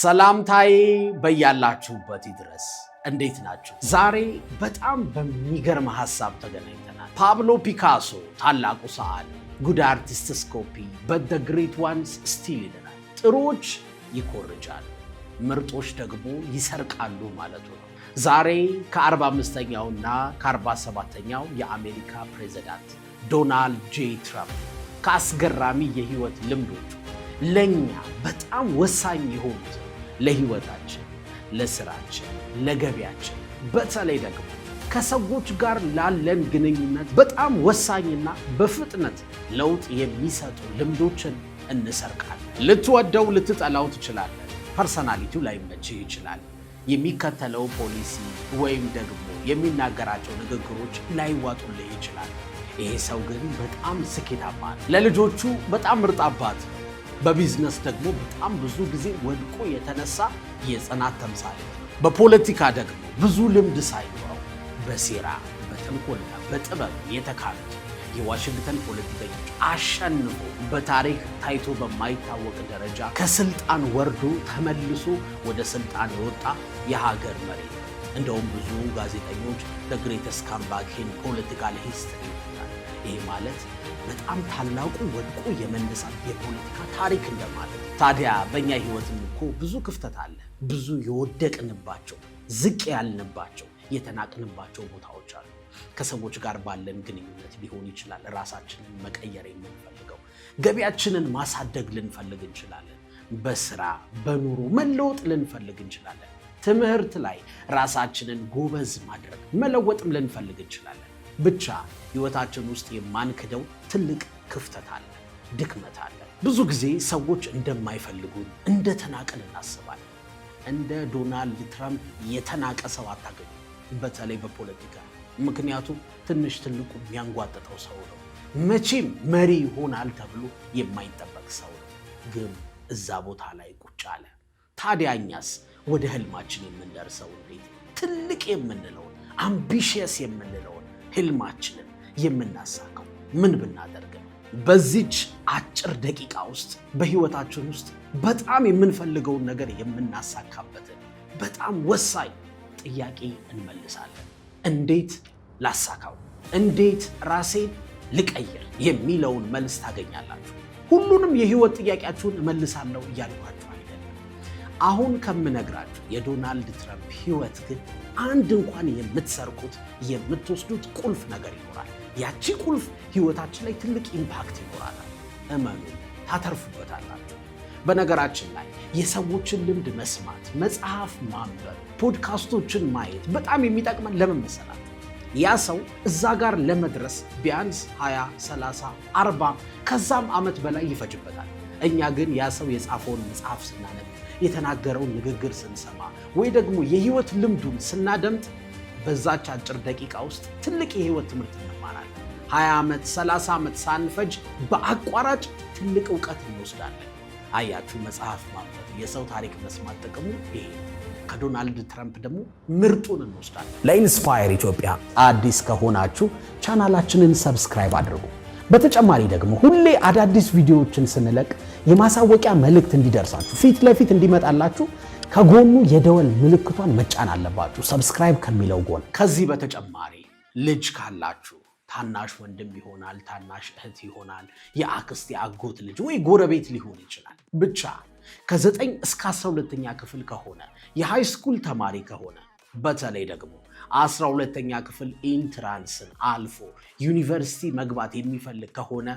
ሰላምታዬ በያላችሁበት ይድረስ። እንዴት ናችሁ? ዛሬ በጣም በሚገርም ሀሳብ ተገናኝተናል። ፓብሎ ፒካሶ ታላቁ ሰዓሊ ጉድ አርቲስት ስኮፒ በደ ግሬት ዋንስ ስቲል ይለናል። ጥሩዎች ይኮርጃሉ፣ ምርጦች ደግሞ ይሰርቃሉ ማለቱ ነው። ዛሬ ከ45ኛውና ከ47ኛው የአሜሪካ ፕሬዚዳንት ዶናልድ ጄ ትራምፕ ከአስገራሚ የህይወት ልምዶቹ ለእኛ በጣም ወሳኝ የሆኑት ለህይወታችን፣ ለስራችን፣ ለገቢያችን በተለይ ደግሞ ከሰዎች ጋር ላለን ግንኙነት በጣም ወሳኝና በፍጥነት ለውጥ የሚሰጡ ልምዶችን እንሰርቃለን። ልትወደው ልትጠላው ትችላለህ። ፐርሰናሊቲው ላይመችህ ይችላል። የሚከተለው ፖሊሲ ወይም ደግሞ የሚናገራቸው ንግግሮች ላይዋጡልህ ይችላል። ይሄ ሰው ግን በጣም ስኬታማ ነው፣ ለልጆቹ በጣም ምርጥ አባት በቢዝነስ ደግሞ በጣም ብዙ ጊዜ ወድቆ የተነሳ የጽናት ተምሳሌ፣ በፖለቲካ ደግሞ ብዙ ልምድ ሳይኖረው በሴራ በተንኮልና በጥበብ የተካሉት የዋሽንግተን ፖለቲከኞች አሸንፎ በታሪክ ታይቶ በማይታወቅ ደረጃ ከስልጣን ወርዶ ተመልሶ ወደ ስልጣን የወጣ የሀገር መሪ። እንደውም ብዙ ጋዜጠኞች ለግሬተስ ካምባክ ፖለቲካል ሂስትሪ ይሄ ማለት በጣም ታላቁ ወድቆ የመነሳት የፖለቲካ ታሪክ እንደማለት። ታዲያ በእኛ ህይወትም እኮ ብዙ ክፍተት አለ። ብዙ የወደቅንባቸው፣ ዝቅ ያልንባቸው፣ የተናቅንባቸው ቦታዎች አሉ። ከሰዎች ጋር ባለን ግንኙነት ሊሆን ይችላል። ራሳችንን መቀየር የምንፈልገው ገቢያችንን ማሳደግ ልንፈልግ እንችላለን። በስራ በኑሮ መለወጥ ልንፈልግ እንችላለን። ትምህርት ላይ ራሳችንን ጎበዝ ማድረግ መለወጥም ልንፈልግ እንችላለን። ብቻ ህይወታችን ውስጥ የማንክደው ትልቅ ክፍተት አለ፣ ድክመት አለ። ብዙ ጊዜ ሰዎች እንደማይፈልጉን ተናቀን እናስባለን። እንደ ዶናልድ ትራምፕ የተናቀ ሰው አታገኙ፣ በተለይ በፖለቲካ ምክንያቱም ትንሽ ትልቁ የሚያንጓጥጠው ሰው ነው። መቼም መሪ ይሆናል ተብሎ የማይጠበቅ ሰው ነው፣ ግን እዛ ቦታ ላይ ቁጭ አለ። ታዲያኛስ ወደ ህልማችን የምንደርሰው እንዴት? ትልቅ የምንለውን አምቢሽየስ የምንለውን ህልማችንን የምናሳካው ምን ብናደርግ ነው? በዚች አጭር ደቂቃ ውስጥ በህይወታችን ውስጥ በጣም የምንፈልገውን ነገር የምናሳካበትን በጣም ወሳኝ ጥያቄ እንመልሳለን። እንዴት ላሳካው፣ እንዴት ራሴን ልቀይር የሚለውን መልስ ታገኛላችሁ። ሁሉንም የህይወት ጥያቄያችሁን እመልሳለሁ እያልኳል አሁን ከምነግራችሁ የዶናልድ ትራምፕ ህይወት ግን አንድ እንኳን የምትሰርቁት የምትወስዱት ቁልፍ ነገር ይኖራል። ያቺ ቁልፍ ህይወታችን ላይ ትልቅ ኢምፓክት ይኖራል። እመኑ፣ ታተርፉበታላችሁ። በነገራችን ላይ የሰዎችን ልምድ መስማት፣ መጽሐፍ ማንበብ፣ ፖድካስቶችን ማየት በጣም የሚጠቅመን ለምን መሰላት? ያ ሰው እዛ ጋር ለመድረስ ቢያንስ 20፣ 30፣ 40 ከዛም ዓመት በላይ ይፈጅበታል። እኛ ግን ያ ሰው የጻፈውን መጽሐፍ ስናነ የተናገረውን ንግግር ስንሰማ ወይ ደግሞ የህይወት ልምዱን ስናደምጥ በዛች አጭር ደቂቃ ውስጥ ትልቅ የህይወት ትምህርት እንማራለን። 20 ዓመት 30 ዓመት ሳንፈጅ በአቋራጭ ትልቅ እውቀት እንወስዳለን። አያችሁ፣ መጽሐፍ ማንበብ፣ የሰው ታሪክ መስማት ጥቅሙ ይሄ። ከዶናልድ ትራምፕ ደግሞ ምርጡን እንወስዳለን። ለኢንስፓየር ኢትዮጵያ አዲስ ከሆናችሁ ቻናላችንን ሰብስክራይብ አድርጉ። በተጨማሪ ደግሞ ሁሌ አዳዲስ ቪዲዮዎችን ስንለቅ የማሳወቂያ መልእክት እንዲደርሳችሁ ፊት ለፊት እንዲመጣላችሁ ከጎኑ የደወል ምልክቷን መጫን አለባችሁ፣ ሰብስክራይብ ከሚለው ጎን። ከዚህ በተጨማሪ ልጅ ካላችሁ ታናሽ ወንድም ይሆናል፣ ታናሽ እህት ይሆናል፣ የአክስት የአጎት ልጅ ወይ ጎረቤት ሊሆን ይችላል። ብቻ ከ9 እስከ 12ኛ ክፍል ከሆነ ስኩል ተማሪ ከሆነ በተለይ ደግሞ አስራ ሁለተኛ ክፍል ኢንትራንስን አልፎ ዩኒቨርሲቲ መግባት የሚፈልግ ከሆነ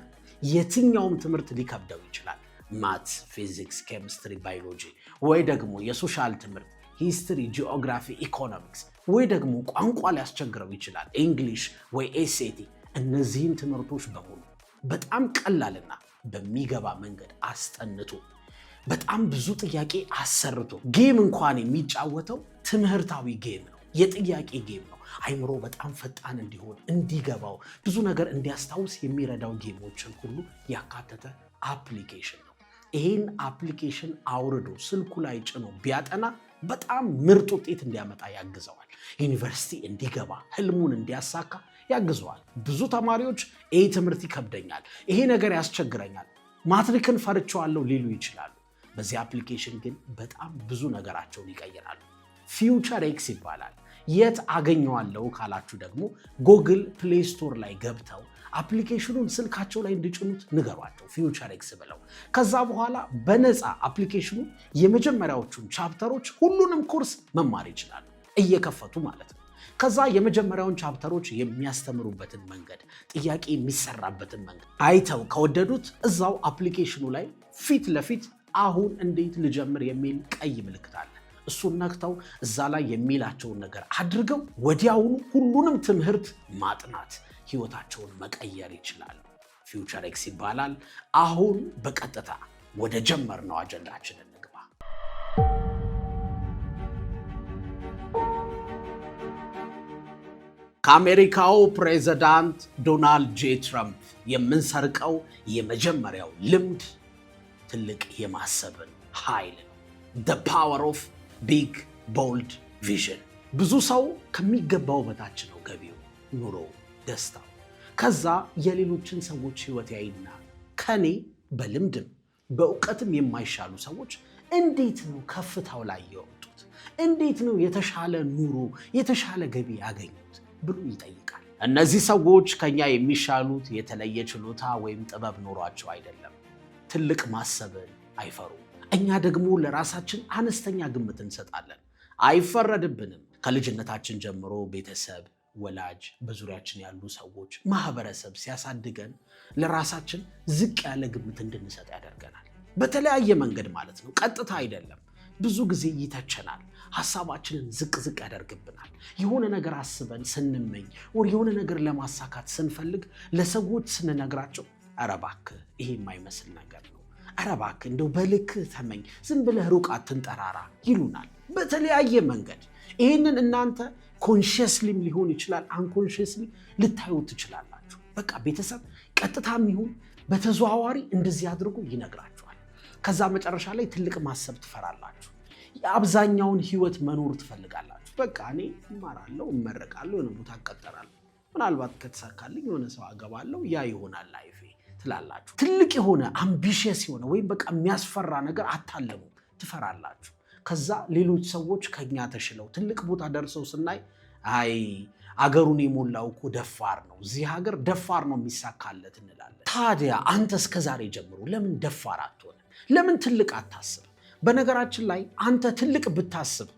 የትኛውም ትምህርት ሊከብደው ይችላል። ማት፣ ፊዚክስ፣ ኬሚስትሪ፣ ባዮሎጂ ወይ ደግሞ የሶሻል ትምህርት ሂስትሪ፣ ጂኦግራፊ፣ ኢኮኖሚክስ ወይ ደግሞ ቋንቋ ሊያስቸግረው ይችላል። እንግሊሽ ወይ ኤሴቲ። እነዚህን ትምህርቶች በሙሉ በጣም ቀላልና በሚገባ መንገድ አስጠንቶ በጣም ብዙ ጥያቄ አሰርቶ ጌም እንኳን የሚጫወተው ትምህርታዊ ጌም ነው። የጥያቄ ጌም ነው። አይምሮ በጣም ፈጣን እንዲሆን እንዲገባው፣ ብዙ ነገር እንዲያስታውስ የሚረዳው ጌሞችን ሁሉ ያካተተ አፕሊኬሽን ነው። ይህን አፕሊኬሽን አውርዶ ስልኩ ላይ ጭኖ ቢያጠና በጣም ምርጥ ውጤት እንዲያመጣ ያግዘዋል። ዩኒቨርሲቲ እንዲገባ ህልሙን እንዲያሳካ ያግዘዋል። ብዙ ተማሪዎች ይህ ትምህርት ይከብደኛል፣ ይሄ ነገር ያስቸግረኛል፣ ማትሪክን ፈርቸዋለሁ ሊሉ ይችላሉ። በዚህ አፕሊኬሽን ግን በጣም ብዙ ነገራቸውን ይቀይራሉ። ፊውቸር ኤክስ ይባላል። የት አገኘዋለሁ ካላችሁ ደግሞ ጎግል ፕሌይ ስቶር ላይ ገብተው አፕሊኬሽኑን ስልካቸው ላይ እንዲጭኑት ንገሯቸው ፊውቸር ኤክስ ብለው። ከዛ በኋላ በነፃ አፕሊኬሽኑ የመጀመሪያዎቹን ቻፕተሮች ሁሉንም ኮርስ መማር ይችላሉ፣ እየከፈቱ ማለት ነው። ከዛ የመጀመሪያውን ቻፕተሮች የሚያስተምሩበትን መንገድ፣ ጥያቄ የሚሰራበትን መንገድ አይተው ከወደዱት እዛው አፕሊኬሽኑ ላይ ፊት ለፊት አሁን እንዴት ልጀምር የሚል ቀይ ምልክት አለ። እሱን ነክተው እዛ ላይ የሚላቸውን ነገር አድርገው ወዲያውኑ ሁሉንም ትምህርት ማጥናት ህይወታቸውን መቀየር ይችላሉ። ፊውቸር ኤክስ ይባላል። አሁን በቀጥታ ወደ ጀመርነው አጀንዳችን እንግባ። ከአሜሪካው ፕሬዚዳንት ዶናልድ ጄ ትራምፕ የምንሰርቀው የመጀመሪያው ልምድ ትልቅ የማሰብን ኃይል ነው። ፓወር ኦፍ ቢግ ቦልድ ቪዥን። ብዙ ሰው ከሚገባው በታች ነው ገቢው፣ ኑሮ፣ ደስታው። ከዛ የሌሎችን ሰዎች ህይወት ያይና ከኔ በልምድም በእውቀትም የማይሻሉ ሰዎች እንዴት ነው ከፍታው ላይ የወጡት? እንዴት ነው የተሻለ ኑሮ የተሻለ ገቢ ያገኙት ብሎ ይጠይቃል። እነዚህ ሰዎች ከኛ የሚሻሉት የተለየ ችሎታ ወይም ጥበብ ኖሯቸው አይደለም። ትልቅ ማሰብን አይፈሩም። እኛ ደግሞ ለራሳችን አነስተኛ ግምት እንሰጣለን። አይፈረድብንም። ከልጅነታችን ጀምሮ ቤተሰብ፣ ወላጅ፣ በዙሪያችን ያሉ ሰዎች፣ ማህበረሰብ ሲያሳድገን ለራሳችን ዝቅ ያለ ግምት እንድንሰጥ ያደርገናል። በተለያየ መንገድ ማለት ነው፣ ቀጥታ አይደለም። ብዙ ጊዜ ይተቸናል። ሀሳባችንን ዝቅ ዝቅ ያደርግብናል። የሆነ ነገር አስበን ስንመኝ ወር የሆነ ነገር ለማሳካት ስንፈልግ ለሰዎች ስንነግራቸው ኧረ እባክህ ይሄ የማይመስል ነገር ነው ኧረ እባክህ እንደው በልክ ተመኝ፣ ዝም ብለህ ሩቅ አትንጠራራ ይሉናል በተለያየ መንገድ። ይህንን እናንተ ኮንሽስሊም ሊሆን ይችላል አንኮንሽስሊ ልታዩ ትችላላችሁ። በቃ ቤተሰብ ቀጥታም ይሁን በተዘዋዋሪ እንደዚህ አድርጎ ይነግራችኋል። ከዛ መጨረሻ ላይ ትልቅ ማሰብ ትፈራላችሁ። የአብዛኛውን ህይወት መኖር ትፈልጋላችሁ። በቃ እኔ እማራለሁ፣ እመረቃለሁ፣ የሆነ ቦታ እቀጠራለሁ፣ ምናልባት ከተሳካልኝ የሆነ ሰው አገባለሁ፣ ያ ይሆናል ላይፌ ትላላችሁ። ትልቅ የሆነ አምቢሽየስ የሆነ ወይም በቃ የሚያስፈራ ነገር አታለሙ፣ ትፈራላችሁ። ከዛ ሌሎች ሰዎች ከኛ ተሽለው ትልቅ ቦታ ደርሰው ስናይ አይ አገሩን የሞላው እኮ ደፋር ነው፣ እዚህ ሀገር ደፋር ነው የሚሳካለት እንላለን። ታዲያ አንተ እስከ ዛሬ ጀምሮ ለምን ደፋር አትሆነ? ለምን ትልቅ አታስብ? በነገራችን ላይ አንተ ትልቅ ብታስብ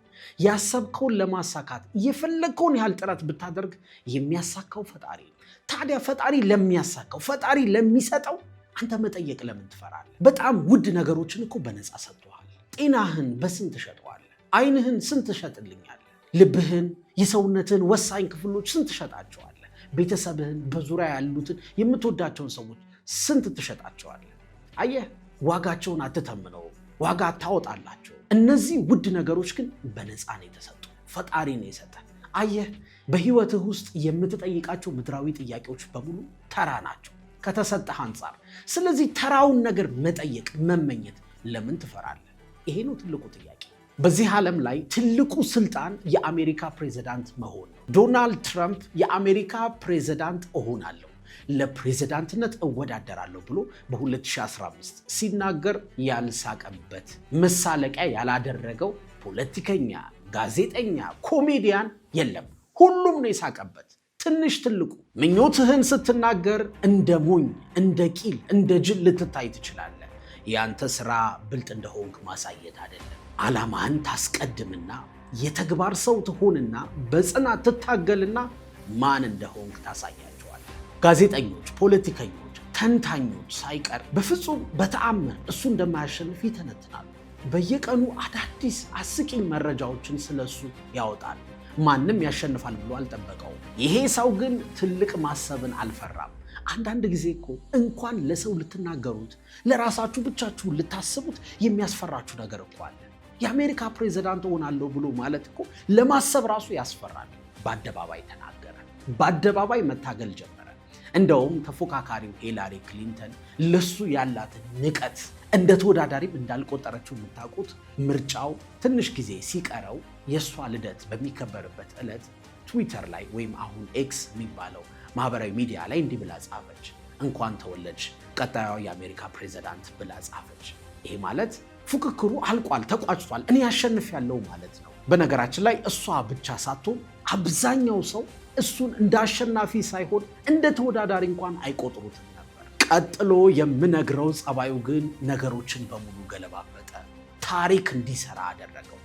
ያሰብከውን ለማሳካት የፈለግከውን ያህል ጥረት ብታደርግ የሚያሳካው ፈጣሪ ነው። ታዲያ ፈጣሪ ለሚያሳካው ፈጣሪ ለሚሰጠው አንተ መጠየቅ ለምን ትፈራለህ? በጣም ውድ ነገሮችን እኮ በነፃ ሰጥተዋል። ጤናህን በስንት ትሸጠዋለህ? አይንህን ስንት ትሸጥልኛለህ? ልብህን፣ የሰውነትህን ወሳኝ ክፍሎች ስንት ትሸጣቸዋለህ? ቤተሰብህን፣ በዙሪያ ያሉትን የምትወዳቸውን ሰዎች ስንት ትሸጣቸዋል? አየህ፣ ዋጋቸውን አትተምነው፣ ዋጋ ታወጣላቸው እነዚህ ውድ ነገሮች ግን በነፃ ነው የተሰጡ፣ ፈጣሪ ነው የሰጠን። አየህ በህይወትህ ውስጥ የምትጠይቃቸው ምድራዊ ጥያቄዎች በሙሉ ተራ ናቸው ከተሰጠህ አንጻር። ስለዚህ ተራውን ነገር መጠየቅ፣ መመኘት ለምን ትፈራለህ? ይሄ ነው ትልቁ ጥያቄ። በዚህ ዓለም ላይ ትልቁ ስልጣን የአሜሪካ ፕሬዚዳንት መሆን ነው። ዶናልድ ትራምፕ የአሜሪካ ፕሬዚዳንት እሆናለሁ ለፕሬዝዳንትነት እወዳደራለሁ ብሎ በ2015 ሲናገር ያልሳቀበት መሳለቂያ ያላደረገው ፖለቲከኛ፣ ጋዜጠኛ፣ ኮሜዲያን የለም። ሁሉም ነው የሳቀበት። ትንሽ ትልቁ ምኞትህን ስትናገር እንደ ሞኝ፣ እንደ ቂል፣ እንደ ጅል ልትታይ ትችላለህ። ያንተ ስራ ብልጥ እንደሆንክ ማሳየት አይደለም። ዓላማህን ታስቀድምና የተግባር ሰው ትሆንና በጽናት ትታገልና ማን እንደሆንክ ታሳያቸዋል። ጋዜጠኞች፣ ፖለቲከኞች፣ ተንታኞች ሳይቀር በፍጹም በተአምር እሱ እንደማያሸንፍ ይተነትናሉ። በየቀኑ አዳዲስ አስቂኝ መረጃዎችን ስለሱ ያወጣል። ማንም ያሸንፋል ብሎ አልጠበቀው ይሄ ሰው ግን ትልቅ ማሰብን አልፈራም። አንዳንድ ጊዜ እኮ እንኳን ለሰው ልትናገሩት ለራሳችሁ ብቻችሁ ልታስቡት የሚያስፈራችሁ ነገር እኮ አለ። የአሜሪካ ፕሬዚዳንት እሆናለሁ ብሎ ማለት እኮ ለማሰብ ራሱ ያስፈራል። በአደባባይ ተናገረ። በአደባባይ መታገል ጀመረ። እንደውም ተፎካካሪው ሂላሪ ክሊንተን ለሱ ያላትን ንቀት እንደ ተወዳዳሪም እንዳልቆጠረችው የምታውቁት ምርጫው ትንሽ ጊዜ ሲቀረው የእሷ ልደት በሚከበርበት ዕለት ትዊተር ላይ ወይም አሁን ኤክስ የሚባለው ማህበራዊ ሚዲያ ላይ እንዲህ ብላ ጻፈች። እንኳን ተወለድሽ ቀጣዩ የአሜሪካ ፕሬዚዳንት ብላ ጻፈች። ይሄ ማለት ፉክክሩ አልቋል፣ ተቋጭቷል፣ እኔ ያለው ማለት ነው። በነገራችን ላይ እሷ ብቻ ሳትሆን አብዛኛው ሰው እሱን እንደ አሸናፊ ሳይሆን እንደ ተወዳዳሪ እንኳን አይቆጥሩትም። ቀጥሎ የምነግረው ጸባዩ ግን ነገሮችን በሙሉ ገለባበጠ። ታሪክ እንዲሰራ አደረገው።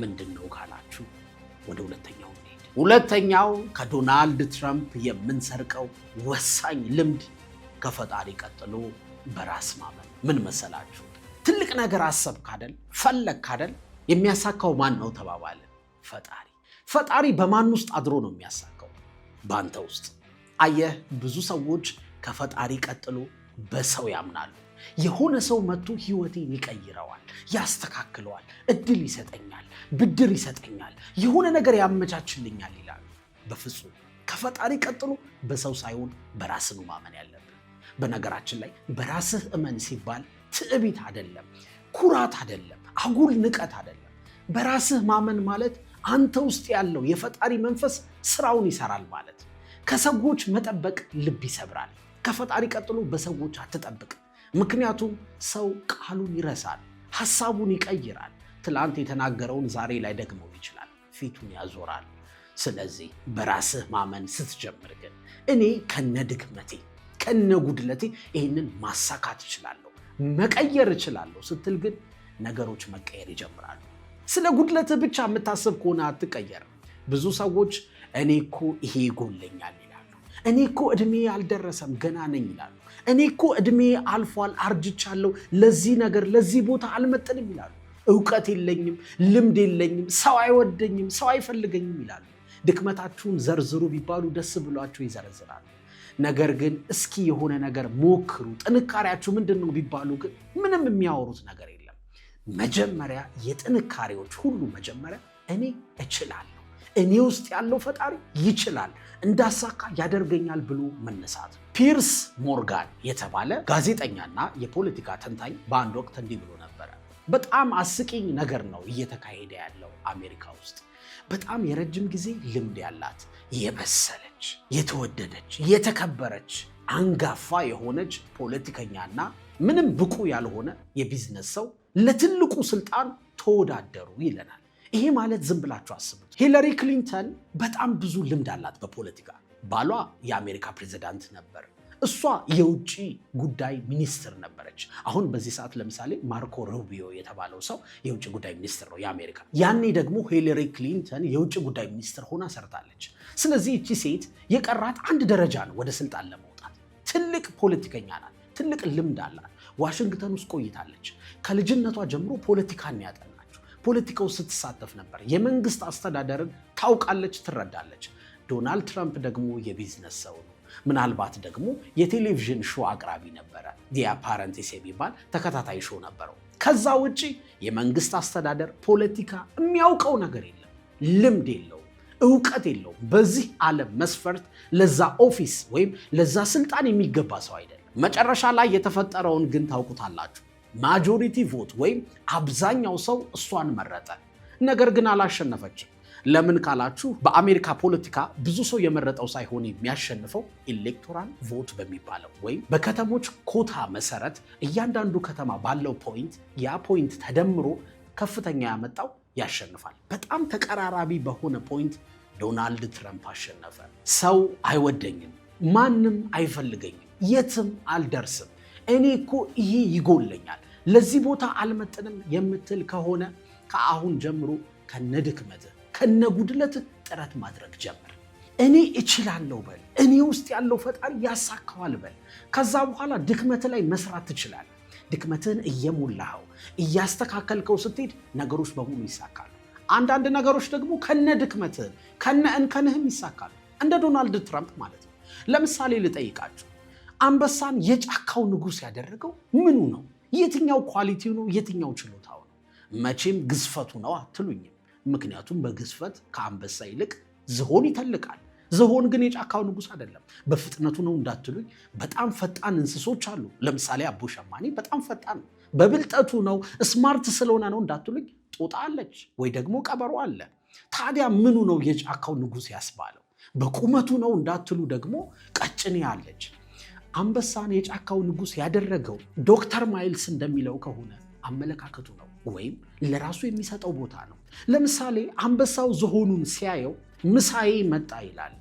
ምንድን ነው ካላችሁ ወደ ሁለተኛው እንሄድ። ሁለተኛው ከዶናልድ ትራምፕ የምንሰርቀው ወሳኝ ልምድ ከፈጣሪ ቀጥሎ በራስ ማመን። ምን መሰላችሁ? ትልቅ ነገር አሰብክ አደል? ፈለግክ አደል? የሚያሳካው ማን ነው ተባባለ? ፈጣሪ። ፈጣሪ በማን ውስጥ አድሮ ነው የሚያሳካው? በአንተ ውስጥ። አየህ ብዙ ሰዎች ከፈጣሪ ቀጥሎ በሰው ያምናሉ። የሆነ ሰው መጥቶ ህይወቴን ይቀይረዋል፣ ያስተካክለዋል፣ እድል ይሰጠኛል፣ ብድር ይሰጠኛል፣ የሆነ ነገር ያመቻችልኛል ይላሉ። በፍጹም ከፈጣሪ ቀጥሎ በሰው ሳይሆን በራስ ነው ማመን ያለብን። በነገራችን ላይ በራስህ እመን ሲባል ትዕቢት አይደለም፣ ኩራት አይደለም፣ አጉል ንቀት አይደለም። በራስህ ማመን ማለት አንተ ውስጥ ያለው የፈጣሪ መንፈስ ስራውን ይሰራል ማለት። ከሰዎች መጠበቅ ልብ ይሰብራል። ከፈጣሪ ቀጥሎ በሰዎች አትጠብቅ። ምክንያቱም ሰው ቃሉን ይረሳል፣ ሐሳቡን ይቀይራል። ትላንት የተናገረውን ዛሬ ላይ ደግመው ይችላል፣ ፊቱን ያዞራል። ስለዚህ በራስህ ማመን ስትጀምር ግን እኔ ከነ ድክመቴ ከነ ጉድለቴ ይህንን ማሳካት እችላለሁ መቀየር እችላለሁ ስትል ግን ነገሮች መቀየር ይጀምራሉ። ስለ ጉድለትህ ብቻ የምታስብ ከሆነ አትቀየርም። ብዙ ሰዎች እኔ እኮ ይሄ ይጎለኛል እኔ እኮ እድሜ አልደረሰም ገና ነኝ ይላሉ። እኔ እኮ እድሜ አልፏል አርጅቻለሁ፣ ለዚህ ነገር ለዚህ ቦታ አልመጥንም ይላሉ። እውቀት የለኝም፣ ልምድ የለኝም፣ ሰው አይወደኝም፣ ሰው አይፈልገኝም ይላሉ። ድክመታችሁን ዘርዝሩ ቢባሉ ደስ ብሏቸው ይዘረዝራሉ። ነገር ግን እስኪ የሆነ ነገር ሞክሩ፣ ጥንካሬያችሁ ምንድን ነው ቢባሉ ግን ምንም የሚያወሩት ነገር የለም። መጀመሪያ የጥንካሬዎች ሁሉ መጀመሪያ እኔ እችላለሁ እኔ ውስጥ ያለው ፈጣሪ ይችላል እንዳሳካ ያደርገኛል ብሎ መነሳት። ፒርስ ሞርጋን የተባለ ጋዜጠኛና የፖለቲካ ተንታኝ በአንድ ወቅት እንዲህ ብሎ ነበረ። በጣም አስቂኝ ነገር ነው እየተካሄደ ያለው አሜሪካ ውስጥ። በጣም የረጅም ጊዜ ልምድ ያላት የበሰለች፣ የተወደደች፣ የተከበረች አንጋፋ የሆነች ፖለቲከኛና ምንም ብቁ ያልሆነ የቢዝነስ ሰው ለትልቁ ስልጣን ተወዳደሩ ይለናል። ይሄ ማለት ዝም ብላችሁ አስቡት። ሂለሪ ክሊንተን በጣም ብዙ ልምድ አላት በፖለቲካ። ባሏ የአሜሪካ ፕሬዚዳንት ነበር። እሷ የውጭ ጉዳይ ሚኒስትር ነበረች። አሁን በዚህ ሰዓት ለምሳሌ ማርኮ ሩቢዮ የተባለው ሰው የውጭ ጉዳይ ሚኒስትር ነው የአሜሪካ። ያኔ ደግሞ ሂለሪ ክሊንተን የውጭ ጉዳይ ሚኒስትር ሆና ሰርታለች። ስለዚህ እቺ ሴት የቀራት አንድ ደረጃ ነው ወደ ስልጣን ለመውጣት። ትልቅ ፖለቲከኛ ናት። ትልቅ ልምድ አላት። ዋሽንግተን ውስጥ ቆይታለች። ከልጅነቷ ጀምሮ ፖለቲካን ያጠ ፖለቲካው ስትሳተፍ ነበር። የመንግስት አስተዳደርን ታውቃለች፣ ትረዳለች። ዶናልድ ትራምፕ ደግሞ የቢዝነስ ሰው ነው። ምናልባት ደግሞ የቴሌቪዥን ሾው አቅራቢ ነበረ። ዲያፓረንቲስ የሚባል ተከታታይ ሾው ነበረው። ከዛ ውጪ የመንግስት አስተዳደር ፖለቲካ የሚያውቀው ነገር የለም። ልምድ የለውም፣ እውቀት የለውም። በዚህ ዓለም መስፈርት ለዛ ኦፊስ ወይም ለዛ ስልጣን የሚገባ ሰው አይደለም። መጨረሻ ላይ የተፈጠረውን ግን ታውቁታላችሁ። ማጆሪቲ ቮት ወይም አብዛኛው ሰው እሷን መረጠ። ነገር ግን አላሸነፈችም። ለምን ካላችሁ በአሜሪካ ፖለቲካ ብዙ ሰው የመረጠው ሳይሆን የሚያሸንፈው ኤሌክቶራል ቮት በሚባለው ወይም በከተሞች ኮታ መሰረት እያንዳንዱ ከተማ ባለው ፖይንት ያ ፖይንት ተደምሮ ከፍተኛ ያመጣው ያሸንፋል። በጣም ተቀራራቢ በሆነ ፖይንት ዶናልድ ትራምፕ አሸነፈ። ሰው አይወደኝም፣ ማንም አይፈልገኝም፣ የትም አልደርስም እኔ እኮ ይሄ ይጎለኛል፣ ለዚህ ቦታ አልመጥንም የምትል ከሆነ ከአሁን ጀምሮ ከነድክመት ከነጉድለት ጥረት ማድረግ ጀምር። እኔ እችላለሁ በል። እኔ ውስጥ ያለው ፈጣሪ ያሳካዋል በል። ከዛ በኋላ ድክመት ላይ መስራት ትችላል። ድክመትህን እየሞላኸው እያስተካከልከው ስትሄድ ነገሮች በሙሉ ይሳካሉ። አንዳንድ ነገሮች ደግሞ ከነ ድክመትህ ከነ እንከንህም ይሳካሉ። እንደ ዶናልድ ትራምፕ ማለት ነው። ለምሳሌ ልጠይቃችሁ አንበሳን የጫካው ንጉስ ያደረገው ምኑ ነው? የትኛው ኳሊቲው ነው? የትኛው ችሎታው ነው? መቼም ግዝፈቱ ነው አትሉኝም። ምክንያቱም በግዝፈት ከአንበሳ ይልቅ ዝሆን ይተልቃል። ዝሆን ግን የጫካው ንጉስ አይደለም። በፍጥነቱ ነው እንዳትሉኝ፣ በጣም ፈጣን እንስሶች አሉ። ለምሳሌ አቦ ሸማኔ በጣም ፈጣን ነው። በብልጠቱ ነው፣ ስማርት ስለሆነ ነው እንዳትሉኝ፣ ጦጣ አለች ወይ ደግሞ ቀበሮ አለ። ታዲያ ምኑ ነው የጫካው ንጉስ ያስባለው? በቁመቱ ነው እንዳትሉ ደግሞ ቀጭኔ አለች። አንበሳን የጫካው ንጉስ ያደረገው ዶክተር ማይልስ እንደሚለው ከሆነ አመለካከቱ ነው ወይም ለራሱ የሚሰጠው ቦታ ነው። ለምሳሌ አንበሳው ዝሆኑን ሲያየው ምሳዬ መጣ ይላል።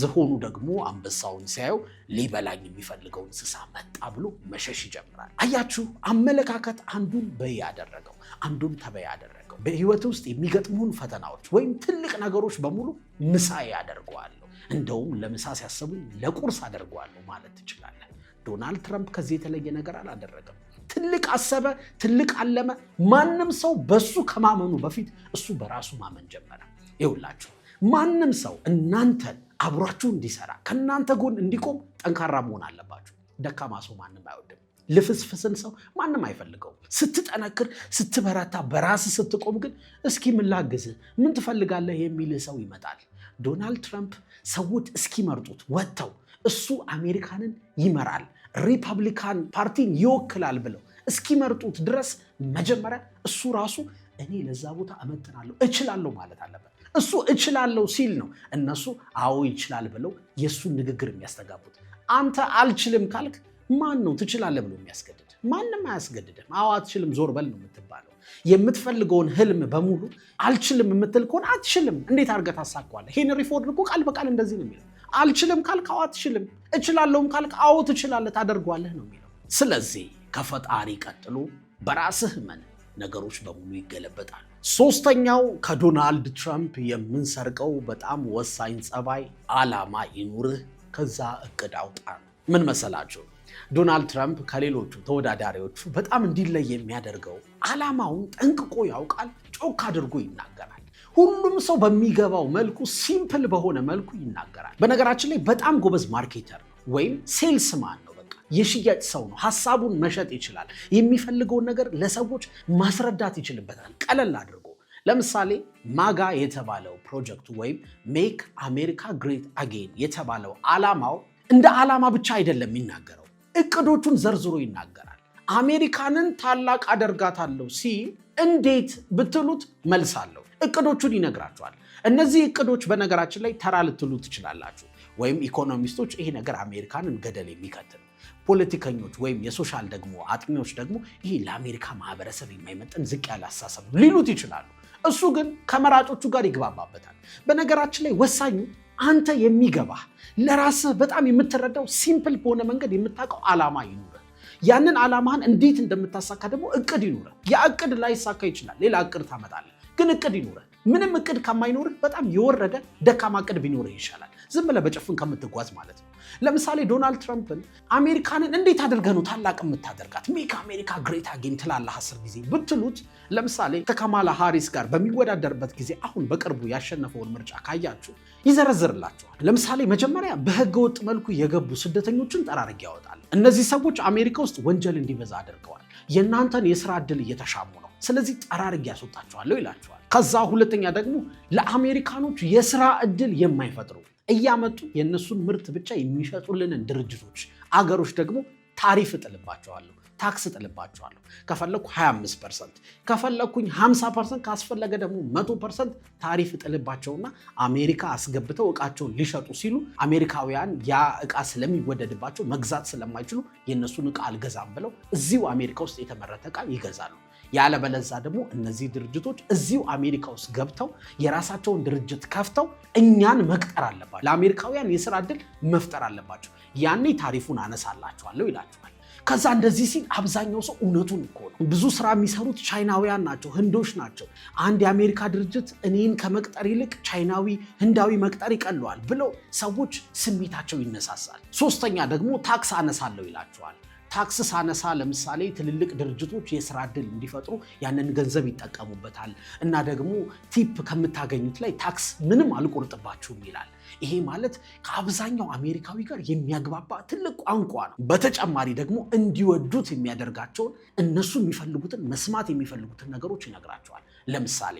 ዝሆኑ ደግሞ አንበሳውን ሲያየው ሊበላኝ የሚፈልገው እንስሳ መጣ ብሎ መሸሽ ይጀምራል። አያችሁ፣ አመለካከት አንዱን በይ ያደረገው አንዱን ተበይ ያደረገው በህይወት ውስጥ የሚገጥሙን ፈተናዎች ወይም ትልቅ ነገሮች በሙሉ ምሳዬ ያደርገዋል። እንደውም ለምሳ ሲያሰቡኝ ለቁርስ አደርገዋለሁ ማለት ትችላለህ። ዶናልድ ትራምፕ ከዚህ የተለየ ነገር አላደረገም። ትልቅ አሰበ፣ ትልቅ አለመ። ማንም ሰው በሱ ከማመኑ በፊት እሱ በራሱ ማመን ጀመረ። ይውላችሁ ማንም ሰው እናንተን አብሯችሁ እንዲሰራ ከእናንተ ጎን እንዲቆም ጠንካራ መሆን አለባችሁ። ደካማ ሰው ማንም አይወድም። ልፍስፍስን ሰው ማንም አይፈልገውም። ስትጠነክር፣ ስትበረታ፣ በራስ ስትቆም ግን እስኪ ምን ላግዝህ፣ ምን ትፈልጋለህ የሚልህ ሰው ይመጣል። ዶናልድ ትራምፕ ሰዎች እስኪመርጡት ወጥተው እሱ አሜሪካንን ይመራል፣ ሪፐብሊካን ፓርቲን ይወክላል ብለው እስኪመርጡት ድረስ መጀመሪያ እሱ ራሱ እኔ ለዛ ቦታ እመጥናለሁ እችላለሁ ማለት አለበት። እሱ እችላለሁ ሲል ነው እነሱ አዎ ይችላል ብለው የእሱን ንግግር የሚያስተጋቡት። አንተ አልችልም ካልክ ማን ነው ትችላለህ ብሎ የሚያስገድድ? ማንም አያስገድድም። አዎ አትችልም ዞር በል ነው የምትባለው። የምትፈልገውን ህልም በሙሉ አልችልም የምትል ከሆነ አትችልም። እንዴት አድርገህ ታሳካዋለህ? ሄንሪ ፎርድ እኮ ቃል በቃል እንደዚህ ነው የሚለው። አልችልም ካልክ አዎ አትችልም፣ እችላለሁም ካልክ አዎ ትችላለህ፣ ታደርገዋለህ ነው የሚለው። ስለዚህ ከፈጣሪ ቀጥሎ በራስህ መን ነገሮች በሙሉ ይገለበጣል። ሶስተኛው ከዶናልድ ትራምፕ የምንሰርቀው በጣም ወሳኝ ጸባይ፣ አላማ ይኑርህ፣ ከዛ እቅድ አውጣ ምን መሰላችሁ? ዶናልድ ትራምፕ ከሌሎቹ ተወዳዳሪዎቹ በጣም እንዲለይ የሚያደርገው ዓላማውን ጠንቅቆ ያውቃል፣ ጮክ አድርጎ ይናገራል። ሁሉም ሰው በሚገባው መልኩ ሲምፕል በሆነ መልኩ ይናገራል። በነገራችን ላይ በጣም ጎበዝ ማርኬተር ወይም ሴልስማን ነው። በቃ የሽያጭ ሰው ነው። ሀሳቡን መሸጥ ይችላል። የሚፈልገውን ነገር ለሰዎች ማስረዳት ይችልበታል፣ ቀለል አድርጎ። ለምሳሌ ማጋ የተባለው ፕሮጀክቱ ወይም ሜክ አሜሪካ ግሬት አጌን የተባለው ዓላማው እንደ ዓላማ ብቻ አይደለም የሚናገረው እቅዶቹን ዘርዝሮ ይናገራል። አሜሪካንን ታላቅ አደርጋታለሁ ሲል እንዴት ብትሉት መልስ አለው። እቅዶቹን ይነግራቸዋል። እነዚህ እቅዶች በነገራችን ላይ ተራ ልትሉ ትችላላችሁ። ወይም ኢኮኖሚስቶች ይሄ ነገር አሜሪካንን ገደል የሚከት ፖለቲከኞች ወይም የሶሻል ደግሞ አጥኚዎች ደግሞ ይሄ ለአሜሪካ ማህበረሰብ የማይመጠን ዝቅ ያለ አሳሰብ ሊሉት ይችላሉ። እሱ ግን ከመራጮቹ ጋር ይግባባበታል። በነገራችን ላይ ወሳኙ አንተ የሚገባህ ለራስህ በጣም የምትረዳው ሲምፕል በሆነ መንገድ የምታውቀው ዓላማ ይኑረ። ያንን ዓላማህን እንዴት እንደምታሳካ ደግሞ እቅድ ይኑረ። ያ እቅድ ላይሳካ ይችላል፣ ሌላ እቅድ ታመጣለህ። ግን እቅድ ይኑረ። ምንም እቅድ ከማይኖርህ በጣም የወረደ ደካማ እቅድ ቢኖርህ ይሻላል፣ ዝም ብለህ በጭፍን ከምትጓዝ ማለት ነው። ለምሳሌ ዶናልድ ትራምፕን አሜሪካንን እንዴት አድርገ ነው ታላቅ የምታደርጋት ሜክ አሜሪካ ግሬት አጌን ትላለህ አስር ጊዜ ብትሉት፣ ለምሳሌ ከካማላ ሃሪስ ጋር በሚወዳደርበት ጊዜ አሁን በቅርቡ ያሸነፈውን ምርጫ ካያችሁ ይዘረዝርላችኋል። ለምሳሌ መጀመሪያ በህገ ወጥ መልኩ የገቡ ስደተኞችን ጠራርግ ያወጣል። እነዚህ ሰዎች አሜሪካ ውስጥ ወንጀል እንዲበዛ አድርገዋል። የእናንተን የስራ እድል እየተሻሙ ነው። ስለዚህ ጠራርግ ያስወጣችኋለሁ ይላችኋል። ከዛ ሁለተኛ ደግሞ ለአሜሪካኖች የስራ እድል የማይፈጥሩ እያመጡ የእነሱን ምርት ብቻ የሚሸጡልንን ድርጅቶች፣ አገሮች ደግሞ ታሪፍ እጥልባቸዋለሁ፣ ታክስ እጥልባቸዋለሁ። ከፈለግኩ 25 ፐርሰንት፣ ከፈለግኩኝ 50 ፐርሰንት፣ ካስፈለገ ደግሞ 100 ፐርሰንት ታሪፍ እጥልባቸውና አሜሪካ አስገብተው እቃቸውን ሊሸጡ ሲሉ አሜሪካውያን ያ እቃ ስለሚወደድባቸው መግዛት ስለማይችሉ የእነሱን እቃ አልገዛም ብለው እዚሁ አሜሪካ ውስጥ የተመረተ እቃ ይገዛሉ። ያለበለዛ ደግሞ እነዚህ ድርጅቶች እዚሁ አሜሪካ ውስጥ ገብተው የራሳቸውን ድርጅት ከፍተው እኛን መቅጠር አለባቸው። ለአሜሪካውያን የስራ እድል መፍጠር አለባቸው። ያኔ ታሪፉን አነሳላቸዋለሁ ይላቸዋል። ከዛ እንደዚህ ሲል አብዛኛው ሰው እውነቱን እኮ ነው። ብዙ ስራ የሚሰሩት ቻይናውያን ናቸው፣ ህንዶች ናቸው። አንድ የአሜሪካ ድርጅት እኔን ከመቅጠር ይልቅ ቻይናዊ፣ ህንዳዊ መቅጠር ይቀለዋል ብለው ሰዎች ስሜታቸው ይነሳሳል። ሶስተኛ ደግሞ ታክስ አነሳለሁ ይላቸዋል። ታክስ ሳነሳ ለምሳሌ ትልልቅ ድርጅቶች የስራ እድል እንዲፈጥሩ ያንን ገንዘብ ይጠቀሙበታል እና ደግሞ ቲፕ ከምታገኙት ላይ ታክስ ምንም አልቆርጥባችሁም ይላል። ይሄ ማለት ከአብዛኛው አሜሪካዊ ጋር የሚያግባባ ትልቅ ቋንቋ ነው። በተጨማሪ ደግሞ እንዲወዱት የሚያደርጋቸውን እነሱ የሚፈልጉትን መስማት የሚፈልጉትን ነገሮች ይነግራቸዋል። ለምሳሌ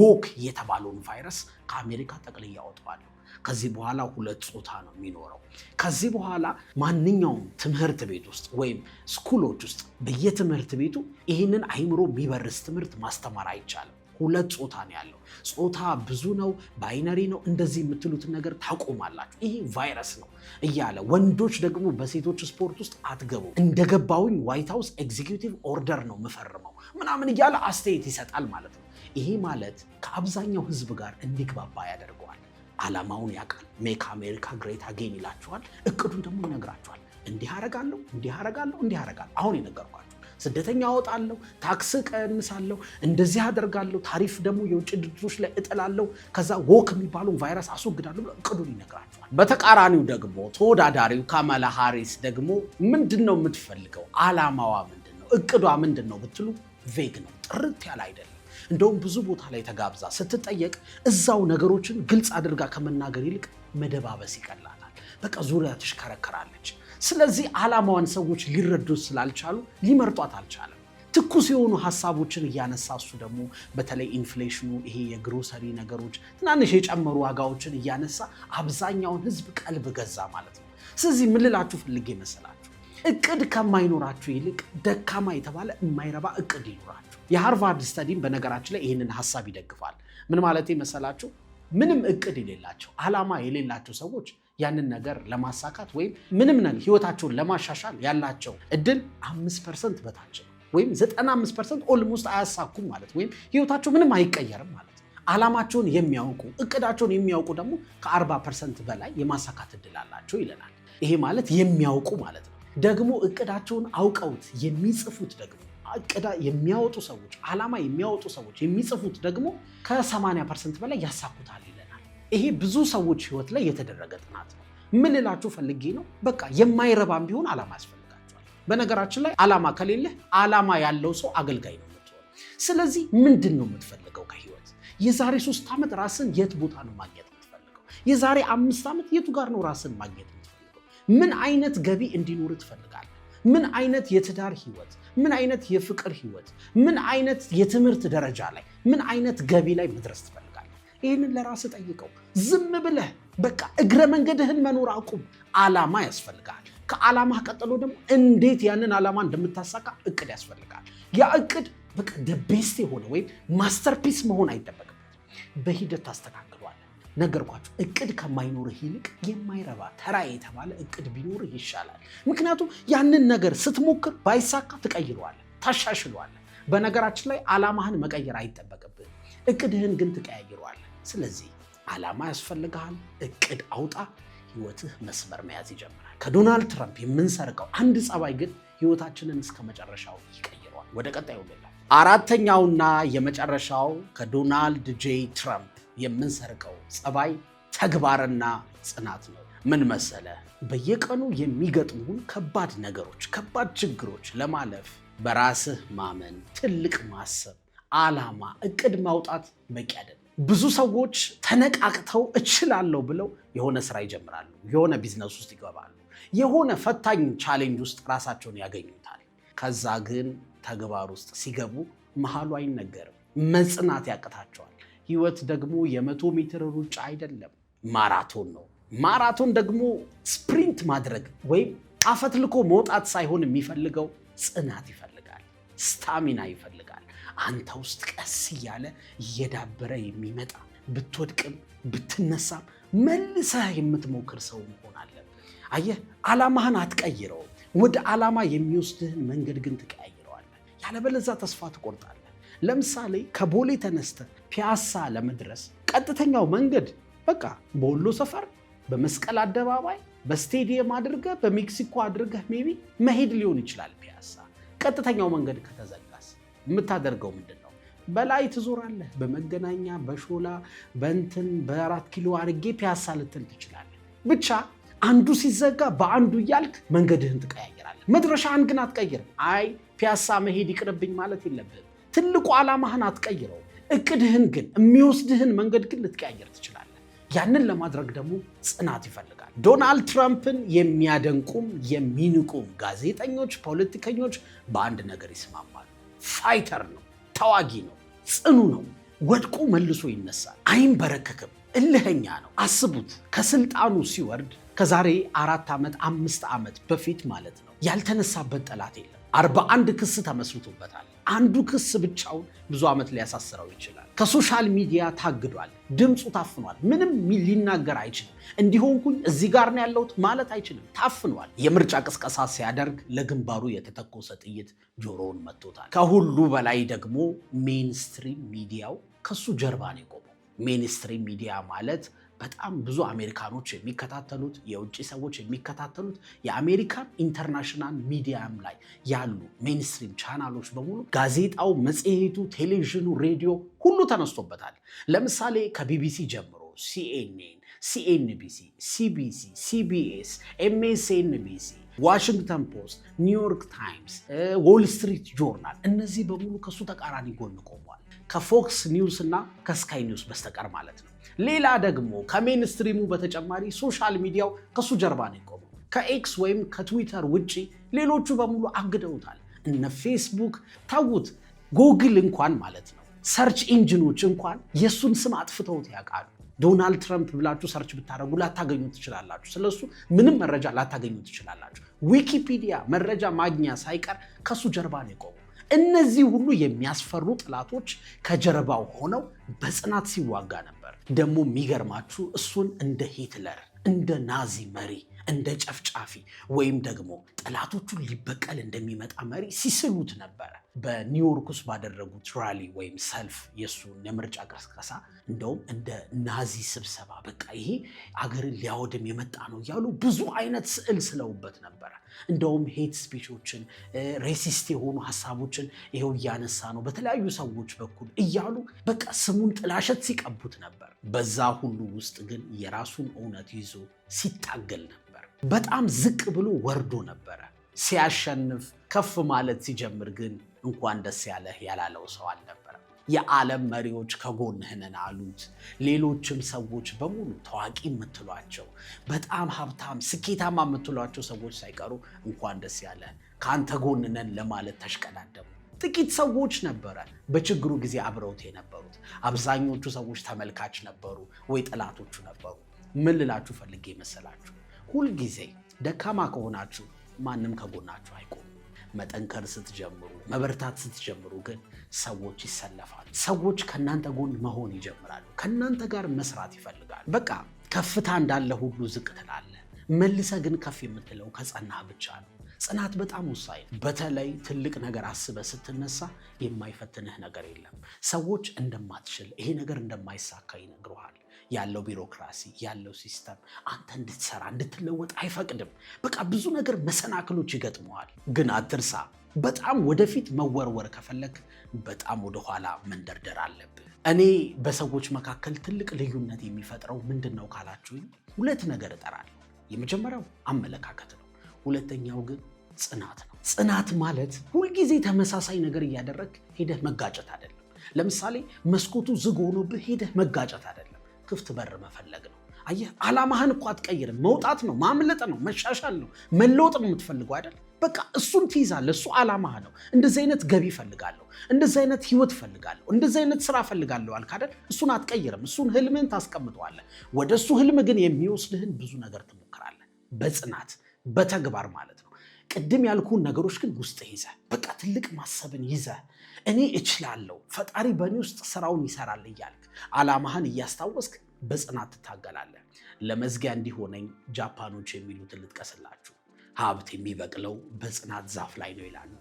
ዎክ የተባለውን ቫይረስ ከአሜሪካ ጠቅልያ አወጣዋለሁ። ከዚህ በኋላ ሁለት ጾታ ነው የሚኖረው። ከዚህ በኋላ ማንኛውም ትምህርት ቤት ውስጥ ወይም ስኩሎች ውስጥ በየትምህርት ቤቱ ይህንን አይምሮ የሚበርስ ትምህርት ማስተማር አይቻልም። ሁለት ጾታ ነው ያለው። ጾታ ብዙ ነው፣ ባይነሪ ነው፣ እንደዚህ የምትሉትን ነገር ታቆማላችሁ። ይህ ቫይረስ ነው እያለ ወንዶች ደግሞ በሴቶች ስፖርት ውስጥ አትገቡ፣ እንደገባውኝ ዋይት ሀውስ ኤግዚኪዩቲቭ ኦርደር ነው ምፈርመው ምናምን እያለ አስተያየት ይሰጣል ማለት ነው። ይሄ ማለት ከአብዛኛው ህዝብ ጋር እንዲግባባ ያደርገዋል። አላማውን ያውቃል። ሜክ አሜሪካ ግሬት አጌን ይላችኋል። እቅዱን ደግሞ ይነግራችኋል። እንዲህ አረጋለሁ፣ እንዲህ አረጋለሁ፣ እንዲህ አረጋለሁ። አሁን የነገርኳችሁ ስደተኛ አወጣለሁ፣ ታክስ ቀንሳለሁ፣ እንደዚህ አደርጋለሁ፣ ታሪፍ ደግሞ የውጭ ድርጅቶች ላይ እጥላለሁ፣ ከዛ ወክ የሚባለውን ቫይረስ አስወግዳለሁ ብሎ እቅዱን ይነግራቸዋል። በተቃራኒው ደግሞ ተወዳዳሪው ካማላ ሃሪስ ደግሞ ምንድን ነው የምትፈልገው? አላማዋ ምንድን ነው? እቅዷ ምንድን ነው ብትሉ ቬግ ነው፣ ጥርት ያለ አይደለም። እንደውም ብዙ ቦታ ላይ ተጋብዛ ስትጠየቅ እዛው ነገሮችን ግልጽ አድርጋ ከመናገር ይልቅ መደባበስ ይቀላታል። በቃ ዙሪያ ትሽከረከራለች። ስለዚህ ዓላማዋን ሰዎች ሊረዱት ስላልቻሉ ሊመርጧት አልቻለም። ትኩስ የሆኑ ሀሳቦችን እያነሳ ደግሞ በተለይ ኢንፍሌሽኑ ይሄ የግሮሰሪ ነገሮች ትናንሽ የጨመሩ ዋጋዎችን እያነሳ አብዛኛውን ህዝብ ቀልብ ገዛ ማለት ነው። ስለዚህ ምልላችሁ ልላችሁ ፈልጌ ይመስላችሁ? እቅድ ከማይኖራችሁ ይልቅ ደካማ የተባለ የማይረባ እቅድ ይኖራል። የሃርቫርድ ስተዲም በነገራችን ላይ ይህንን ሀሳብ ይደግፋል። ምን ማለት መሰላችሁ? ምንም እቅድ የሌላቸው አላማ የሌላቸው ሰዎች ያንን ነገር ለማሳካት ወይም ምንም ነገር ህይወታቸውን ለማሻሻል ያላቸው እድል አምስት ፐርሰንት በታች ነው ወይም ዘጠና ፐርሰንት ኦልሞስት አያሳኩም ማለት ወይም ህይወታቸው ምንም አይቀየርም ማለት ነው። አላማቸውን የሚያውቁ እቅዳቸውን የሚያውቁ ደግሞ ከአርባ ፐርሰንት በላይ የማሳካት እድል አላቸው ይለናል። ይሄ ማለት የሚያውቁ ማለት ነው። ደግሞ እቅዳቸውን አውቀውት የሚጽፉት ደግሞ እቅዳ የሚያወጡ ሰዎች፣ አላማ የሚያወጡ ሰዎች የሚጽፉት ደግሞ ከ80 ፐርሰንት በላይ ያሳኩታል ይለናል። ይሄ ብዙ ሰዎች ህይወት ላይ የተደረገ ጥናት ነው። ምን ፈልጌ ነው፣ በቃ የማይረባም ቢሆን አላማ ያስፈልጋቸዋል። በነገራችን ላይ አላማ ከሌለህ አላማ ያለው ሰው አገልጋይ ነው የምትሆነው። ስለዚህ ምንድን ነው የምትፈልገው ከህይወት? የዛሬ ሶስት ዓመት ራስን የት ቦታ ነው ማግኘት የምትፈልገው? የዛሬ አምስት ዓመት የቱ ጋር ነው ራስን ማግኘት የምትፈልገው? ምን አይነት ገቢ እንዲኖር ትፈልጋለህ? ምን አይነት የትዳር ህይወት ምን አይነት የፍቅር ህይወት፣ ምን አይነት የትምህርት ደረጃ ላይ፣ ምን አይነት ገቢ ላይ መድረስ ትፈልጋለህ? ይህንን ለራስህ ጠይቀው። ዝም ብለህ በቃ እግረ መንገድህን መኖር አቁም። አላማ ያስፈልጋል። ከዓላማ ቀጥሎ ደግሞ እንዴት ያንን ዓላማ እንደምታሳካ እቅድ ያስፈልጋል። ያ እቅድ በቃ ደቤስት የሆነ ወይም ማስተርፒስ መሆን አይጠበቅበት። በሂደት ታስተካክል። ነገርኳቸው። እቅድ ከማይኖርህ ይልቅ የማይረባ ተራ የተባለ እቅድ ቢኖር ይሻላል። ምክንያቱም ያንን ነገር ስትሞክር ባይሳካ ትቀይረዋለህ፣ ታሻሽለዋለህ። በነገራችን ላይ ዓላማህን መቀየር አይጠበቅብህ፣ እቅድህን ግን ትቀያይረዋለህ። ስለዚህ ዓላማ ያስፈልግሃል። እቅድ አውጣ። ህይወትህ መስመር መያዝ ይጀምራል። ከዶናልድ ትራምፕ የምንሰርቀው አንድ ጸባይ ግን ህይወታችንን እስከ መጨረሻው ይቀይረዋል። ወደ ቀጣዩ አራተኛውና የመጨረሻው ከዶናልድ ጄ ትራምፕ የምንሰርቀው ጸባይ ተግባርና ጽናት ነው። ምን መሰለ፣ በየቀኑ የሚገጥሙን ከባድ ነገሮች፣ ከባድ ችግሮች ለማለፍ በራስህ ማመን፣ ትልቅ ማሰብ፣ አላማ፣ እቅድ ማውጣት በቂ አይደለም። ብዙ ሰዎች ተነቃቅተው እችላለሁ ብለው የሆነ ስራ ይጀምራሉ፣ የሆነ ቢዝነስ ውስጥ ይገባሉ፣ የሆነ ፈታኝ ቻሌንጅ ውስጥ ራሳቸውን ያገኙታል። ከዛ ግን ተግባር ውስጥ ሲገቡ መሃሉ አይነገርም፣ መጽናት ያቅታቸዋል። ህይወት ደግሞ የመቶ ሜትር ሩጫ አይደለም፣ ማራቶን ነው። ማራቶን ደግሞ ስፕሪንት ማድረግ ወይም አፈትልኮ መውጣት ሳይሆን የሚፈልገው ጽናት ይፈልጋል፣ ስታሚና ይፈልጋል። አንተ ውስጥ ቀስ እያለ እየዳበረ የሚመጣ ብትወድቅም ብትነሳም መልሰህ የምትሞክር ሰው መሆን አለብህ። አየህ፣ ዓላማህን አትቀይረውም። ወደ ዓላማ የሚወስድህን መንገድ ግን ትቀያይረዋለህ። ያለበለዛ ተስፋ ትቆርጣል። ለምሳሌ ከቦሌ ተነስተ ፒያሳ ለመድረስ ቀጥተኛው መንገድ በቃ በወሎ ሰፈር በመስቀል አደባባይ በስቴዲየም አድርገህ በሜክሲኮ አድርገህ ሜቢ መሄድ ሊሆን ይችላል። ፒያሳ ቀጥተኛው መንገድ ከተዘጋስ የምታደርገው ምንድን ነው? በላይ ትዞራለህ። በመገናኛ በሾላ በንትን በአራት ኪሎ አርጌ ፒያሳ ልትል ትችላለህ። ብቻ አንዱ ሲዘጋ በአንዱ እያልክ መንገድህን ትቀያየራለህ። መድረሻህን ግን አትቀይርም። አይ ፒያሳ መሄድ ይቅርብኝ ማለት የለብህም። ትልቁ ዓላማህን አትቀይረው። እቅድህን ግን የሚወስድህን መንገድ ግን ልትቀያየር ትችላለህ። ያንን ለማድረግ ደግሞ ጽናት ይፈልጋል። ዶናልድ ትራምፕን የሚያደንቁም የሚንቁም ጋዜጠኞች፣ ፖለቲከኞች በአንድ ነገር ይስማማሉ። ፋይተር ነው፣ ተዋጊ ነው፣ ጽኑ ነው። ወድቆ መልሶ ይነሳል፣ አይንበረከክም፣ እልህኛ ነው። አስቡት ከስልጣኑ ሲወርድ ከዛሬ አራት ዓመት አምስት ዓመት በፊት ማለት ነው ያልተነሳበት ጠላት የለም። አርባ አንድ ክስ ተመስርቶበታል። አንዱ ክስ ብቻውን ብዙ ዓመት ሊያሳስረው ይችላል። ከሶሻል ሚዲያ ታግዷል። ድምፁ ታፍኗል። ምንም ሊናገር አይችልም። እንዲሆንኩኝ እዚህ ጋር ነው ያለሁት ማለት አይችልም። ታፍኗል። የምርጫ ቅስቀሳ ሲያደርግ ለግንባሩ የተተኮሰ ጥይት ጆሮውን መቶታል። ከሁሉ በላይ ደግሞ ሜንስትሪም ሚዲያው ከሱ ጀርባ ነው የቆመው። ሜንስትሪም ሚዲያ ማለት በጣም ብዙ አሜሪካኖች የሚከታተሉት የውጭ ሰዎች የሚከታተሉት የአሜሪካን ኢንተርናሽናል ሚዲያም ላይ ያሉ ሜንስትሪም ቻናሎች በሙሉ ጋዜጣው፣ መጽሔቱ፣ ቴሌቪዥኑ፣ ሬዲዮ ሁሉ ተነስቶበታል። ለምሳሌ ከቢቢሲ ጀምሮ ሲኤንኤን፣ ሲኤንቢሲ፣ ሲቢሲ፣ ሲቢኤስ፣ ኤምኤስኤንቢሲ ዋሽንግተን ፖስት፣ ኒውዮርክ ታይምስ፣ ዎል ስትሪት ጆርናል እነዚህ በሙሉ ከሱ ተቃራኒ ጎን ቆሟል። ከፎክስ ኒውስ እና ከስካይ ኒውስ በስተቀር ማለት ነው። ሌላ ደግሞ ከሜንስትሪሙ በተጨማሪ ሶሻል ሚዲያው ከሱ ጀርባ ነው የቆመው። ከኤክስ ወይም ከትዊተር ውጪ ሌሎቹ በሙሉ አግደውታል። እነ ፌስቡክ ታውት፣ ጎግል እንኳን ማለት ነው ሰርች ኢንጂኖች እንኳን የእሱን ስም አጥፍተውት ያውቃሉ። ዶናልድ ትራምፕ ብላችሁ ሰርች ብታደረጉ ላታገኙ ትችላላችሁ። ስለሱ ምንም መረጃ ላታገኙ ትችላላችሁ። ዊኪፒዲያ መረጃ ማግኛ ሳይቀር ከሱ ጀርባ ነው የቆመው። እነዚህ ሁሉ የሚያስፈሩ ጥላቶች ከጀርባው ሆነው በጽናት ሲዋጋ ነበር። ደግሞ የሚገርማችሁ እሱን እንደ ሂትለር እንደ ናዚ መሪ እንደ ጨፍጫፊ ወይም ደግሞ ጠላቶቹን ሊበቀል እንደሚመጣ መሪ ሲስሉት ነበረ። በኒውዮርክ ውስጥ ባደረጉት ራሊ ወይም ሰልፍ የእሱን የምርጫ ቀስቀሳ እንደውም እንደ ናዚ ስብሰባ በቃ ይሄ አገርን ሊያወድም የመጣ ነው እያሉ ብዙ አይነት ስዕል ስለውበት ነበረ። እንደውም ሄት ስፒቾችን ሬሲስት የሆኑ ሀሳቦችን ይሄው እያነሳ ነው በተለያዩ ሰዎች በኩል እያሉ በቃ ስሙን ጥላሸት ሲቀቡት ነበር። በዛ ሁሉ ውስጥ ግን የራሱን እውነት ይዞ ሲታገል ነበር። በጣም ዝቅ ብሎ ወርዶ ነበረ። ሲያሸንፍ ከፍ ማለት ሲጀምር ግን እንኳን ደስ ያለህ ያላለው ሰው አልነበር። የዓለም መሪዎች ከጎን ህንን አሉት። ሌሎችም ሰዎች በሙሉ ታዋቂ የምትሏቸው በጣም ሀብታም፣ ስኬታማ የምትሏቸው ሰዎች ሳይቀሩ እንኳን ደስ ያለን ከአንተ ጎንነን ለማለት ተሽቀዳደሙ። ጥቂት ሰዎች ነበረ በችግሩ ጊዜ አብረውት የነበሩት። አብዛኞቹ ሰዎች ተመልካች ነበሩ ወይ ጠላቶቹ ነበሩ። ምን ልላችሁ ፈልጌ መሰላችሁ? ሁልጊዜ ደካማ ከሆናችሁ ማንም ከጎናችሁ አይቆም። መጠንከር ስትጀምሩ፣ መበርታት ስትጀምሩ ግን ሰዎች ይሰለፋሉ። ሰዎች ከእናንተ ጎን መሆን ይጀምራሉ። ከእናንተ ጋር መስራት ይፈልጋሉ። በቃ ከፍታ እንዳለ ሁሉ ዝቅ ትላለ። መልሰ ግን ከፍ የምትለው ከጸና ብቻ ነው። ጽናት በጣም ወሳኝ ነው። በተለይ ትልቅ ነገር አስበ ስትነሳ የማይፈትንህ ነገር የለም። ሰዎች እንደማትችል ይሄ ነገር እንደማይሳካ ይነግሩሃል። ያለው ቢሮክራሲ ያለው ሲስተም አንተ እንድትሰራ እንድትለወጥ አይፈቅድም። በቃ ብዙ ነገር መሰናክሎች ይገጥመዋል። ግን አትርሳ፣ በጣም ወደፊት መወርወር ከፈለግ በጣም ወደኋላ መንደርደር አለብህ። እኔ በሰዎች መካከል ትልቅ ልዩነት የሚፈጥረው ምንድን ነው ካላችሁኝ፣ ሁለት ነገር እጠራለሁ። የመጀመሪያው አመለካከት ነው። ሁለተኛው ግን ጽናት ነው። ጽናት ማለት ሁልጊዜ ተመሳሳይ ነገር እያደረግ ሄደህ መጋጨት አይደለም። ለምሳሌ መስኮቱ ዝግ ሆኖብህ ሄደህ መጋጨት አይደለም። ክፍት በር መፈለግ ነው። አየህ አላማህን እኮ አትቀይርም። መውጣት ነው፣ ማምለጥ ነው፣ መሻሻል ነው፣ መለወጥ ነው የምትፈልገው አይደል? በቃ እሱን ትይዛለህ። እሱ አላማህ ነው። እንደዚህ አይነት ገቢ ፈልጋለሁ፣ እንደዚህ አይነት ህይወት ፈልጋለሁ፣ እንደዚህ አይነት ስራ ፈልጋለሁ አልክ አይደል? እሱን አትቀይርም። እሱን ህልምህን ታስቀምጠዋለህ። ወደ እሱ ህልም ግን የሚወስድህን ብዙ ነገር ትሞክራለህ፣ በጽናት በተግባር ማለት ነው። ቅድም ያልኩህን ነገሮች ግን ውስጥ ይዘህ በቃ ትልቅ ማሰብን ይዘህ እኔ እችላለሁ፣ ፈጣሪ በእኔ ውስጥ ስራውን ይሰራል እያልክ አላማህን እያስታወስክ በጽናት ትታገላለህ። ለመዝጊያ እንዲሆነኝ ጃፓኖች የሚሉትን ልጥቀስላችሁ። ሀብት የሚበቅለው በጽናት ዛፍ ላይ ነው ይላሉ።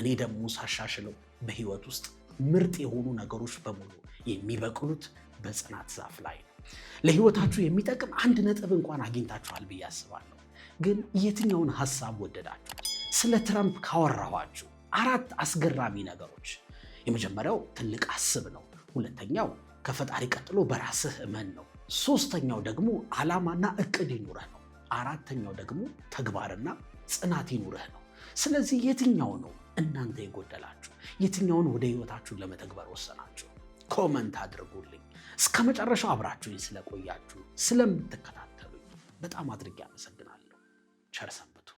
እኔ ደግሞ ሳሻሽለው በህይወት ውስጥ ምርጥ የሆኑ ነገሮች በሙሉ የሚበቅሉት በጽናት ዛፍ ላይ ነው። ለህይወታችሁ የሚጠቅም አንድ ነጥብ እንኳን አግኝታችኋል ብዬ አስባለሁ። ግን የትኛውን ሀሳብ ወደዳችሁ? ስለ ትራምፕ ካወራኋችሁ አራት አስገራሚ ነገሮች የመጀመሪያው ትልቅ አስብ ነው። ሁለተኛው ከፈጣሪ ቀጥሎ በራስህ እመን ነው። ሶስተኛው ደግሞ ዓላማና እቅድ ይኑረህ ነው። አራተኛው ደግሞ ተግባርና ጽናት ይኑረህ ነው። ስለዚህ የትኛው ነው እናንተ የጎደላችሁ? የትኛውን ወደ ህይወታችሁን ለመተግበር ወሰናችሁ? ኮመንት አድርጉልኝ። እስከ መጨረሻው አብራችሁኝ ስለቆያችሁ ስለምትከታተሉኝ በጣም አድርጌ አመሰግናለሁ። ቸር ሰንብቱ።